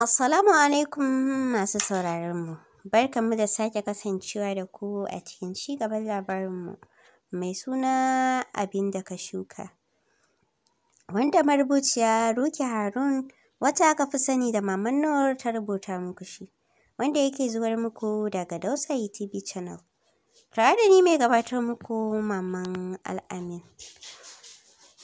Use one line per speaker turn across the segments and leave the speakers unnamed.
Assalamu alaikum masu sauraronmu. Barkanmu da sake kasancewa da ku a cikin ci gaban labarinmu mai suna abin da ka shuka. Wanda marubuciya Ruki Harun wata aka fi sani da Maman Nur ta rubuta muku shi, wanda yake zuwar muku daga Dausayi TV Channel. Tare da ni mai gabatar muku Maman Al'amin.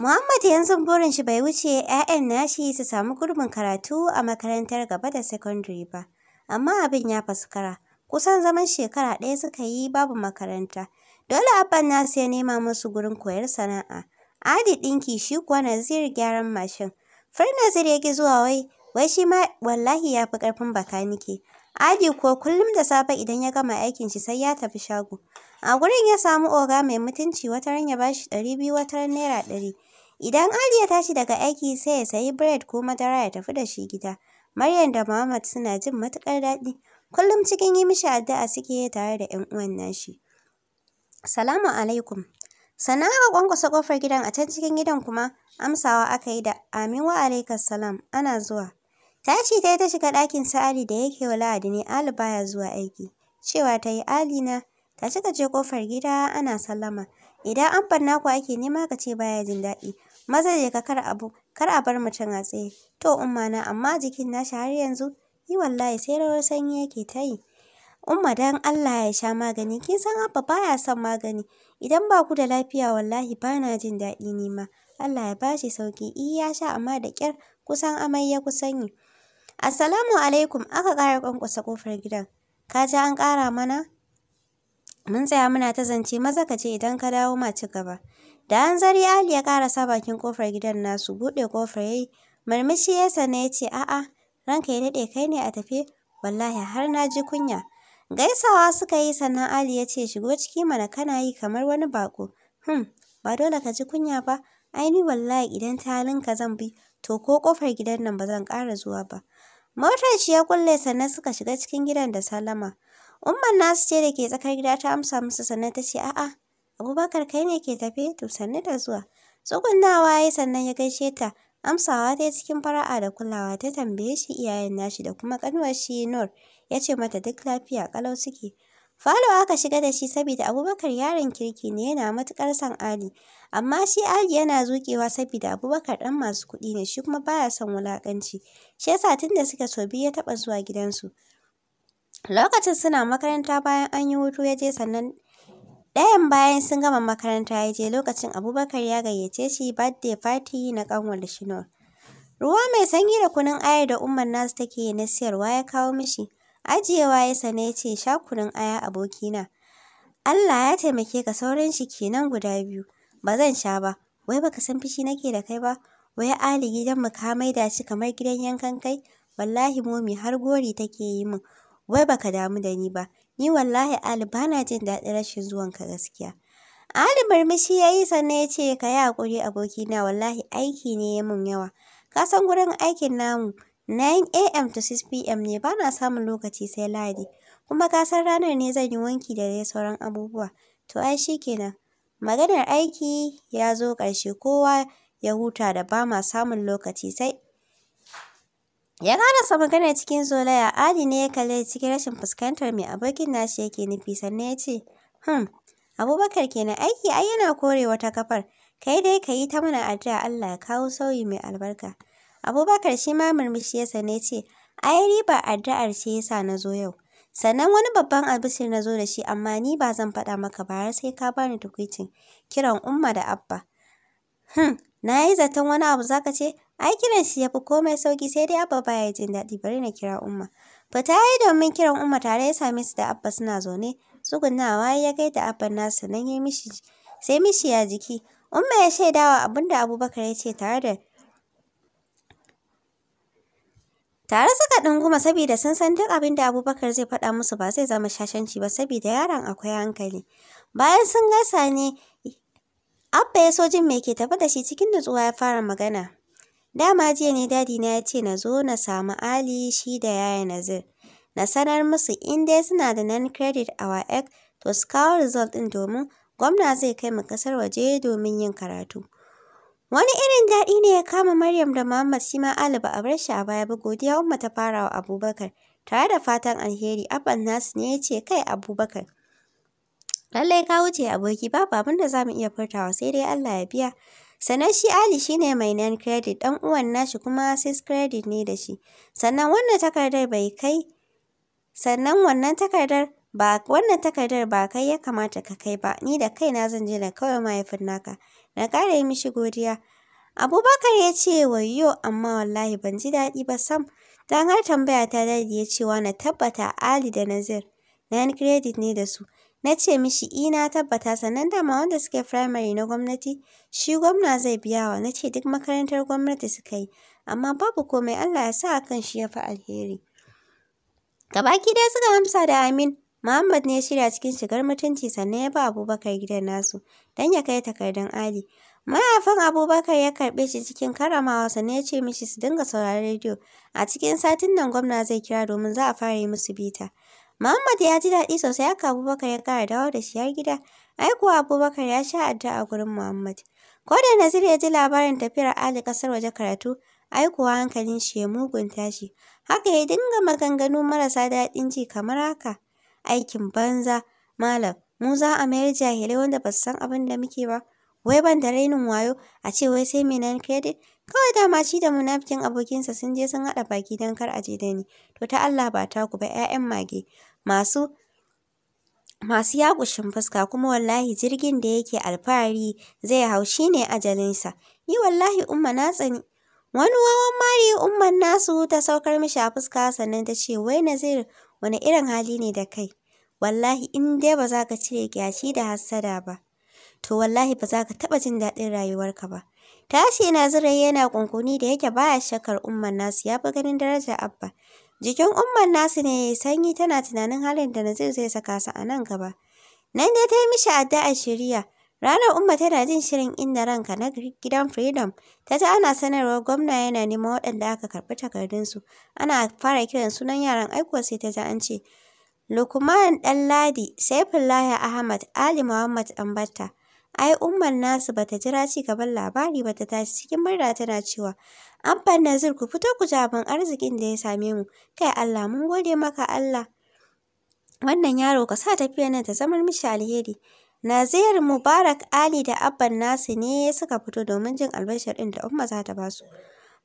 Muhammad yanzu burin shi bai wuce ‘ya'yan nashi su samu gurbin karatu a makarantar gaba da sakandare ba, amma abin ya faskara. Kusan zaman shekara ɗaya suka yi babu makaranta. Dole abban nasu ya nema musu gurin koyar sana'a. Adi ɗinki shi kuwa Nazir gyaran mashin. Far Nazir ya ki zuwa wai, wai shi ma wallahi ya fi ƙarfin bakanike. Adi ko kullum da safe idan ya gama aikin shi sai ya tafi shago. A gurin ya samu oga mai mutunci wata ran ya bashi ɗari biyu wata naira ɗari. Idan Ali ya tashi daga aiki sai ya sayi bread ko madara ya tafi da shi gida. Maryam da Muhammad suna jin matuƙar daɗi. Kullum cikin yi mishi addu'a suke tare da ‘yan uwan nashi. Salamu alaikum. Sannan aka kwankwasa ƙofar gidan a can cikin gidan kuma amsawa aka yi da amin wa alaikas salam ana zuwa. Ta ce ta yi ta shiga ɗakin su Ali da yake wa Lahadi ne Ali baya zuwa aiki. Cewa ta yi Ali na ta cika je ƙofar gida ana sallama. Idan an barna ku ake nema ka ce baya jin daɗi. Maza ne ka kar abu, kar a bar mutum a tsaye. To umma na amma jikin nashi har yanzu yi wallahi sai rawar sanyi yake ta yi. Umma dan Allah ya sha magani, kin san Abba baya son magani. Idan ba ku da lafiya wallahi bana jin daɗi ni ma. Allah ya bashi sauki, i ya sha amma da kyar. kusan amai ya kusan yi. Assalamu alaikum aka ƙara ƙwanƙwasa ƙofar gidan. Ka ji an ƙara mana? Mun tsaya muna ta zance maza ka ce idan ka dawo ma ci gaba. Da an zari Ali ya sa bakin kofar gidan nasu, buɗe kofar yayi. Marmishi ya sana ya ce, "A'a, ranka ya daɗe kai ne a tafe, wallahi har na ji kunya." Gaisawa suka yi sannan Ali ya ce, "Shigo ciki mana kana yi kamar wani bako." Hmm, ba dole ka ji kunya ba, ai wallahi idan ta halinka zan bi, to ko kofar gidan nan ba zan ƙara zuwa ba. Motar shi ya kulle sannan suka shiga cikin gidan da salama. Umman nasu ce da ke tsakar gida ta amsa musu sannan ta ce, "A'a, Abubakar kai ne ke tafe to sannu da zuwa. Tsugunnawa ya sannan ya gaishe ta. Amsawa ta cikin fara'a da kulawa ta tambaye shi iyayen nashi da kuma kanuwar shi Nur. Ya ce mata duk lafiya kalau suke. Falo aka shiga da shi saboda Abubakar yaron kirki ne yana matukar san Ali. Amma shi Ali yana zuƙewa saboda Abubakar ɗan masu kuɗi ne shi kuma baya son wulakanci Shi yasa tun da suka so biyu ya taɓa zuwa gidansu. Lokacin suna makaranta bayan an yi hutu ya je sannan Ɗayan bayan sun gama makaranta ya je lokacin Abubakar ya gayyace shi birthday party na Kanwar da Shinor. Ruwa mai sanyi da kunun aya da umar nasu take na siyarwa ya kawo mishi. Ajiyewa ya sane ya ce sha kunun aya abokina. Allah ya taimake ka saurin shi kenan guda biyu. Ba zan sha ba. Wai baka san fishi nake da kai ba. Wai Ali gidan gidanmu ka da shi kamar gidan yankan kai. Wallahi momi har gori take yi min. Wai baka damu da ni ba. Ni wallahi Ali ba na jin daɗin rashin zuwanka gaskiya. Ali murmushi ya yi sannan ya ce ka yi haƙuri abokina wallahi aiki ne ya mun yawa. Ka san gurin aikin namu 9 am to 6 pm ne ba na samun lokaci sai Lahadi. Kuma ka san ranar ne zan yi wanki da dai sauran abubuwa. To ai shi kenan. Maganar aiki ya zo ƙarshe kowa ya huta da bama samun lokaci sai Ya karasa magana cikin zolaya, Ali ne ya kalli cikin rashin fuskantar mai abokin nashi yake nufi sannan ya ce, "Hmm, Abubakar kenan aiki ai yana kore wata kafar, kai dai ka yi ta mana addu'a Allah ya kawo sauyi mai albarka." Abubakar shi ma murmushi ya sane ce, "Ai riba addu'ar ce yasa na zo yau." Sannan wani babban sai na zo da shi amma ni ba zan faɗa maka ba har sai ka bani tukwicin kiran Umma da Abba. Hmm, na yi zaton wani abu zaka ce, aikinan shi ya fi komai sauki sai dai Abba baya jin daɗi bari na kira Umma. Fita ya yi domin kiran Umma tare ya same su da Abba suna zaune. Tsugunawa ya gaida Abba nasu nan ya mishi sai mishi ya jiki. Umma ya shaidawa abinda Abubakar ya ce tare da Tare suka ɗunguma saboda sun san duk abin da Abubakar zai faɗa musu ba zai zama shashanci ba saboda yaron akwai hankali. Bayan sun gasa ne, Abba ya so jin me ke tafi da shi cikin nutsuwa ya fara magana. Dama jiya ne dadi na ya ce na zo na samu Ali shi da yaya Nazir. Na sanar musu in dai suna da nan credit a ek, to su kawo result ɗin domin gwamna zai kai mu kasar waje domin yin karatu. Wani irin daɗi ne ya kama Maryam da Muhammad shi ma Ali ba a bar shi a baya ba godiya Umma ta fara wa Abubakar tare da fatan alheri Abban nasu ne ya ce kai Abubakar. Lallai ka wuce aboki babu abin da zamu mu iya furtawa sai dai Allah ya biya. Sannan shi Ali shi ne mai nan credit ɗan uwan nashi kuma sis credit ne da shi. Sannan wannan takardar bai kai sannan wannan takardar ba wannan takardar ba kai ya kamata ka kai ba ni da kai na zan je na kawai mahaifin naka. Na ƙara yi mishi godiya. Abubakar ya ce wayyo amma wallahi ban ji daɗi ba sam. Dan har tambaya ta dadi ya cewa na tabbata Ali da Nazir. Na credit ne da su. Na ce mishi i na tabbata sannan dama wanda suke firamare na gwamnati shi gwamna zai biya wa na ce duk makarantar gwamnati suka yi amma babu komai Allah ya sa kan shi ya fi alheri. Gabaki ɗaya suka amsa da amin Muhammad ne ya shirya cikin shigar mutunci sannan ya ba Abubakar gidan nasu don ya kai takardun Ali. Mahaifin Abubakar ya karɓe shi cikin karamawa sannan ya ce mishi su dinga sauraron rediyo. A cikin satin nan gwamna zai kira domin za a fara yi musu bita. Muhammad ya ji daɗi sosai haka Abubakar ya ƙara dawo da shi har gida. Ai kuwa Abubakar ya sha addu'a gurin Muhammad. Ko da Nazir ya ji labarin tafiyar Ali ƙasar waje karatu, ai kuwa hankalin shi ya mugun tashi. Haka ya dinga maganganu marasa daɗin ji kamar haka. Aikin banza, malam, mu za a mayar jahilai wanda ba su san abin da muke ba. Wai ban da rainin wayo, a ce wai sai mai nan kredit. Kawai dama shi da munafikin abokinsa sun je sun haɗa baki don kar a je da ni. To ta Allah ba ta ba 'ya'yan mage. masu masu yaƙushin fuska kuma wallahi jirgin da yake alfahari zai hau shi ne ajalinsa Yi wallahi umma na tsani wani wawan mari umman nasu ta saukar mishi a fuska sannan ta ce wai nazir wani irin hali ne da kai wallahi in dai ba za ka cire kyashi da hassada ba to wallahi ba za ka taɓa jin daɗin rayuwarka ba tashi nazirai yana kunkuni da yake baya shakar umman nasu ya fi ganin darajar abba Jikin umman nasu ne yayi sanyi tana tunanin halin da na zai saka su a nan gaba. Nan dai ta yi mishi addu'a shiriya. Ranar Umma tana jin shirin inda ranka na gidan Freedom ta ta ana sanarwar gwamna yana neman waɗanda aka karɓi takardunsu. Ana fara kiran sunan yaran aikuwa sai ta ji an ce Lukman Ɗanladi, Saifullahi Ahmad, Ali Muhammad Batta. Ai umman nasu bata jira ci gaban labari ba ta tashi cikin murna tana cewa Amfan Nazir ku fito ku ja abin arzikin da ya same mu. Kai Allah mun gode maka Allah. Wannan yaro ka sa tafiya nan ta zamar mishi alheri. Nazir Mubarak Ali da Abban nasu ne suka fito domin jin albashar din da Umma za ta basu.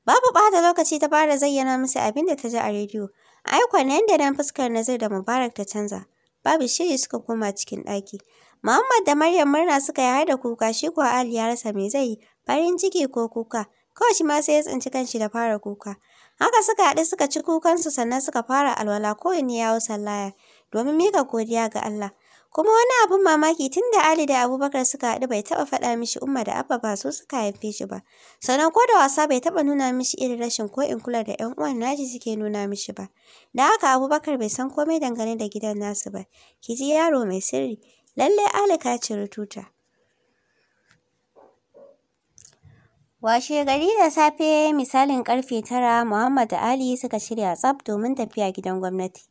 Babu ɓata lokaci ta fara zayyana musu abin da ta ji a rediyo. Ai nan da nan fuskar Nazir da Mubarak ta canza. babu shiri suka koma cikin ɗaki. Muhammad da Maryam murna suka yi har da kuka shi kuwa Ali ya rasa me zai yi farin ciki ko kuka kawai shi ma sai ya tsinci kanshi da fara kuka. Haka suka haɗu suka ci kukansu sannan suka fara alwala kowanne ya hau sallaya domin mika godiya ga Allah. Kuma wani abun mamaki tun da Ali da Abubakar suka haɗu bai taɓa faɗa mishi Umma da Abba ba su suka haife shi ba. Sannan ko da wasa bai taɓa nuna mishi irin rashin ko in kula da 'yan uwan naji suke nuna mishi ba. Da haka Abubakar bai san komai dangane da gidan nasu ba. Ki ji yaro mai sirri. Lallai Ali ka ci tuta. Washe gari da safe misalin karfe tara Muhammad da Ali suka shirya tsaf domin tafiya gidan gwamnati.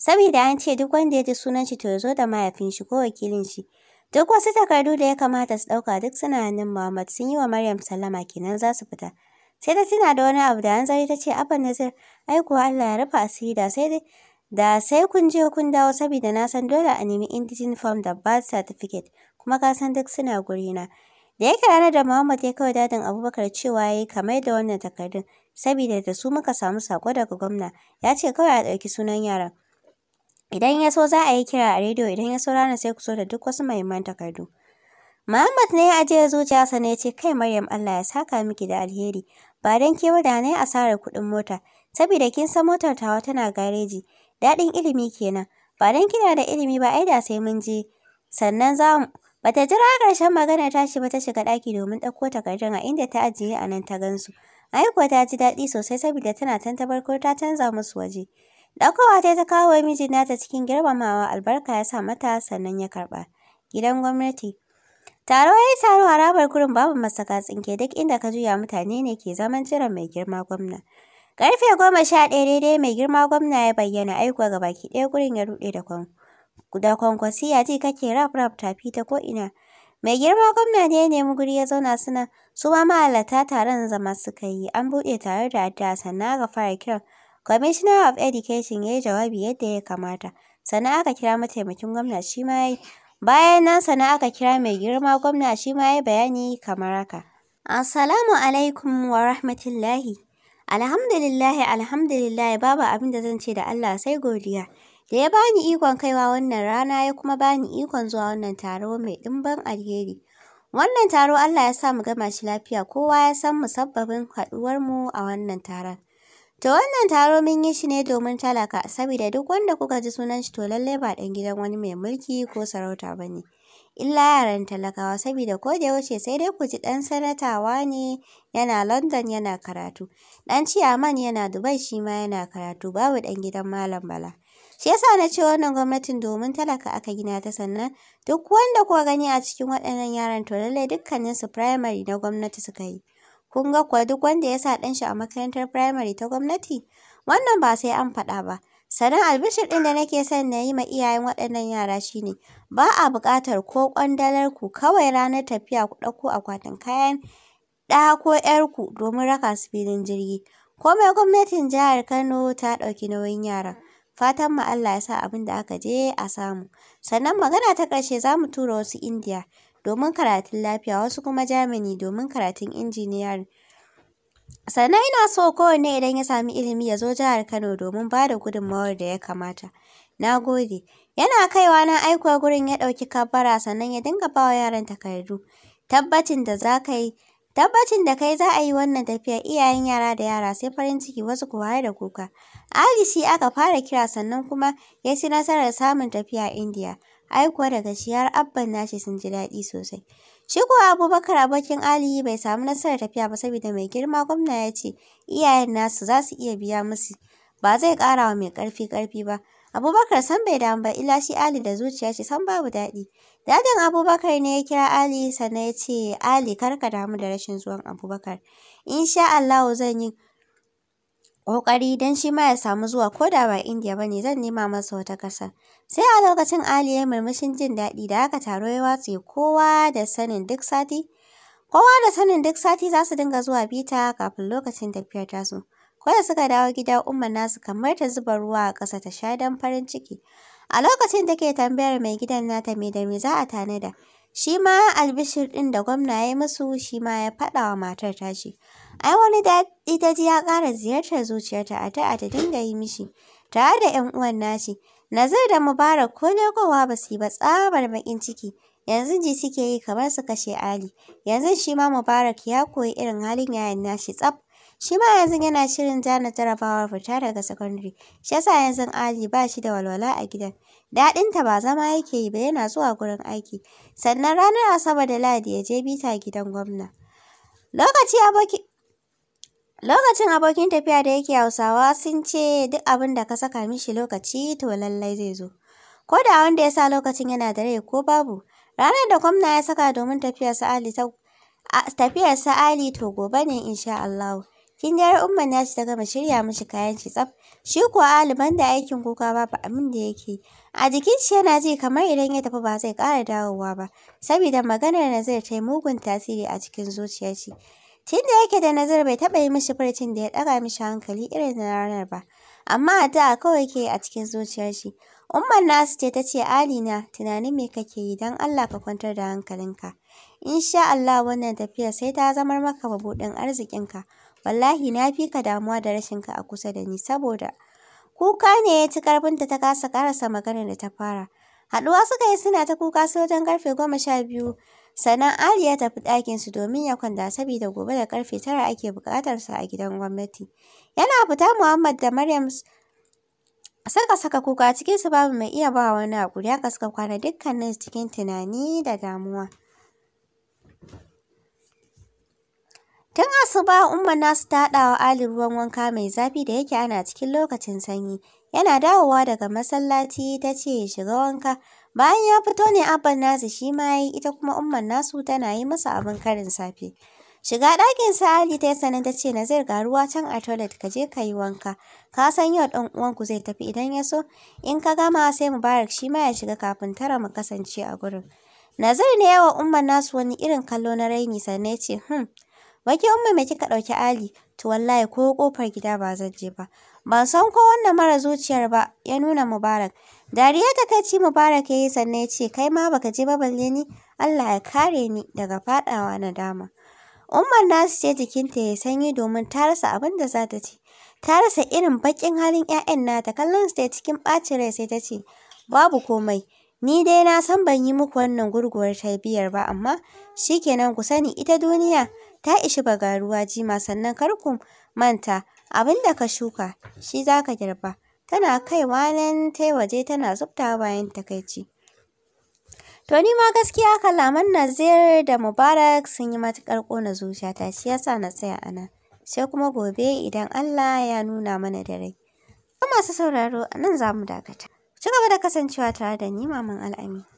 Saboda an ce duk wanda ya ji sunan shi to ya zo da mahaifin shi ko wakilin shi. Duk wasu takardu da ya kamata su ɗauka duk suna hannun Muhammad sun yi wa Maryam sallama kenan za su fita. Sai ta tuna da wani abu da hanzari ta ce Abba Nazir ai kuwa Allah ya rufa asiri da sai dai da sai kun je kun dawo saboda na san dole a nemi indigen form da birth certificate kuma ka san duk suna gurina. Da yake ranar da Muhammad ya kawo dadin Abubakar cewa ya yi kamar da wannan takardun saboda da su muka samu sako daga gwamna ya ce kawai a ɗauki sunan yaran. Idan ya so za a yi kira a rediyo idan ya so rana sai ku so da duk wasu mahimman takardu. Muhammad ne ya ajiye zuciyarsa ne ya ce kai Maryam Allah ya saka miki da alheri ba don ke da na asarar kuɗin mota saboda kin san motar tawa tana gareji daɗin ilimi kenan ba don kina da ilimi ba ai da sai mun je sannan za mu Bata jira ƙarshen magana tashi ba ta shiga ɗaki domin ɗauko takardun a inda ta ajiye a nan ta gansu. Aiko ta ji daɗi sosai saboda tana tantabar ko ta canza musu waje. Ɗaukowa ta ta kawo mijina ta cikin girmamawa albarka ya sa mata sannan ya karɓa. Gidan gwamnati. Taro ya yi taro a rabar kurin babu masaka tsinke duk inda ka juya mutane ne ke zaman jiran mai girma gwamna. Ƙarfe goma sha ɗaya daidai mai girma gwamna ya bayyana aiko ga baki ɗaya gurin ya ruɗe da kwan. Da ya ji kake rap rap tafi ta ko'ina. Mai girma gwamna ne ya nemi guri ya zauna suna su ma ma'alata, taron zama suka yi an buɗe tare da addu'a sannan aka fara kiran Commissioner of Education ya yi jawabi yadda ya kamata, sannan aka kira mataimakin gwamna shi ma ya yi. Bayan nan sannan aka kira mai girma gwamna shi ma ya yi bayani kamar haka. Assalamu alaikum wa rahmatullahi. Alhamdulillahi alhamdulillahi babu abin da zan ce da Allah sai godiya. Da ya bani ikon kaiwa wannan rana ya kuma bani ikon zuwa wannan taro mai ɗimban alheri. Wannan taro Allah ya sa mu gama shi lafiya kowa ya san musabbabin haɗuwarmu a wannan taron. To wannan taro mun yi shi ne domin talaka, saboda duk wanda kuka ji sunan shi to lallai ba ɗan gidan wani mai mulki ko sarauta ba ne. Illa yaran talakawa saboda ko da yaushe sai dai ku ji ɗan sanatawa ne yana London yana karatu. Ɗan ciyaman yana Dubai shi ma yana karatu babu ɗan gidan Malam Bala. Shi yasa na ce wannan gwamnatin domin talaka aka gina ta sannan duk wanda kuka gani a cikin waɗannan yaran to lallai dukkaninsu firamare na gwamnati suka yi. Kun ga kuwa duk wanda ya sa shi a makarantar firamare ta gwamnati, wannan ba sai an faɗa ba. Sannan albishir ɗin da nake son na yi ma iyayen waɗannan yara shine. ba a buƙatar ko ƙwandalar ku kawai ranar tafiya ku ɗauko akwatin kayan ɗa ko ƴar ku domin raka su filin jirgi. Komai gwamnatin jihar Kano ta ɗauki nauyin yara. Fatan mu Allah ya sa abin da aka je a samu. Sannan magana ta ƙarshe za mu tura wasu Indiya. domin karatun lafiya wasu kuma Germany domin karatun engineering. Sannan ina so kowanne idan ya sami ilimi ya zo jihar Kano domin ba da gudunmawar da ya kamata. Na gode. Yana kaiwa na aikuwa gurin ya ɗauki kabara sannan ya dinga bawa yaran takardu. Tabbacin da za ka yi Tabbacin da kai za a yi wannan tafiya iyayen yara da yara sai farin ciki wasu kuwa har da kuka. Ali shi aka fara kira sannan kuma ya ci nasarar samun tafiya Indiya. ai kuwa daga shi har abban nashi sun ji daɗi sosai. Shi kuwa Abubakar abokin Ali bai samu nasarar tafiya ba saboda mai girma gwamna ya ce iyayen nasu za su iya biya musu ba zai ƙara wa mai ƙarfi ƙarfi ba. Abubakar san bai damu ba illa shi Ali da zuciya ce san babu daɗi. Dadin Abubakar ne ya kira Ali sannan ya ce Ali kar ka damu da rashin zuwan Abubakar. in sha Allahu zan yi ƙoƙari don shi ma ya samu zuwa ko da ba Indiya ba ne zan nema masa wata ƙasar. Sai a lokacin Ali ya murmushin jin daɗi da aka taro ya watsi kowa da sanin duk sati. Kowa da sanin duk sati za su dinga zuwa bita kafin lokacin tafiyar tasu. Ko da suka dawo gida umar nasu kamar ta zuba ruwa a ƙasa ta sha don farin ciki. A lokacin take tambayar mai gidan nata me da me za a tanada. Shi ma albishir ɗin da gwamna ya yi musu shi ma ya faɗa wa matar tashi. ai wani daɗi ta ji ya ƙara ziyartar zuciyarta a ta'a ta dinga yi mishi tare da 'yan uwan nashi Nazir da Mubarak ko ne kowa ba su yi ba tsabar baƙin ciki yanzu ji suke yi kamar su kashe Ali yanzu shi ma Mubarak ya koyi irin halin yayan nashi tsaf shi ma yanzu yana shirin jana jarabawar fita daga sakandare shi yasa yanzu Ali ba shi da walwala a gidan daɗinta ba zama yake yi ba yana zuwa gurin aiki sannan ranar Asabar da Ladi ya je bita gidan gwamna lokaci aboki Lokacin abokin tafiya da yake Hausawa sun ce duk abin da ka saka mishi lokaci to lallai zai zo. Ko da wanda ya sa lokacin yana da rai ko babu, ranar da gwamna ya saka domin tafiyar Ali to gobe ne insha Allah. Kin dai umman ci ta gama shirya mishi kayan shi tsaf. Shi kuwa Ali banda aikin kuka babu abin da yake. A jikin shi yana ji kamar idan ya tafi ba zai ƙara dawowa ba, saboda maganar na zai ta mugun tasiri a cikin zuciyar shi. Tun da yake da nazar bai taɓa yi mishi furcin da ya ɗaga mishi hankali irin na ranar ba, amma a da kawai ke a cikin zuciyar shi. Umman nasu ce ta ce Ali na, tunanin me kake yi don Allah ka kwantar da hankalinka. sha Allah wannan tafiyar sai ta zamar maka mabuɗin arzikinka. Wallahi na fi ka damuwa da rashinka a kusa da ni saboda kuka ne ya ci ƙarfinta ta kasa karasa maganar da ta fara. Haɗuwa suka yi suna ta kuka sojan wajen karfe goma sha biyu Sannan Ali ya tafi ɗakin su domin ya kwanta saboda gobe da karfe tara ake sa a gidan gwamnati. Yana fita Muhammad da Maryam suka saka kuka cikin su babu mai iya ba wani hakuri haka suka kwana dukkanin cikin tunani da damuwa. Tun asuba umma nasu ta haɗa wa Ali ruwan wanka mai zafi da yake ana cikin lokacin sanyi. Yana dawowa daga masallaci ta ce ya shiga wanka. Bayan ya fito ne abban nasa shi ma ya yi ita kuma umman nasu tana yi masa abin karin safe. Shiga ɗakin sa Ali ta yi sanin ta ce zai ga ruwa can a toilet ka je ka yi wanka. Ka san yau ɗan uwanku zai tafi idan ya so in ka gama sai Mubarak shi ma ya shiga kafin tara mu kasance a gurin. Nazir ne yawa umman nasu wani irin kallo na raini sannan ya ce hmm. Wake umma me kika ɗauki Ali to wallahi ko ƙofar gida ba zan je ba. Ban san ko wannan mara zuciyar ba, ya nuna Mubarak. Dariya ta ci Mubarak ya yi sannan ya ce, Kai ma baka je ba balle ni, Allah ya kare ni daga faɗawa na dama. Umar nasu ce jikinta ya sanyi domin ta rasa abin da za ta ci. Ta rasa irin baƙin halin 'ya'yan nata kallon su cikin ɓacin rai sai ta ce, Babu komai, ni dai na san ban yi muku wannan gurguwar tarbiyyar ba amma shikenan ku sani ita duniya ta ishi bagaruwa jima sannan kar ku manta Abin da ka shuka, shi za ka girba. Tana kaiwa nan ta yi waje tana zubtawa bayan takaici. To ni ma gaskiya kalaman Nazir da Mubarak sun yi matuƙar ƙona zuciyata shi yasa na tsaya a nan. Sai kuma gobe idan Allah ya nuna mana da rai. masu sauraro nan za mu dakata. Ci gaba da kasancewa tare da ni Maman Al'amin.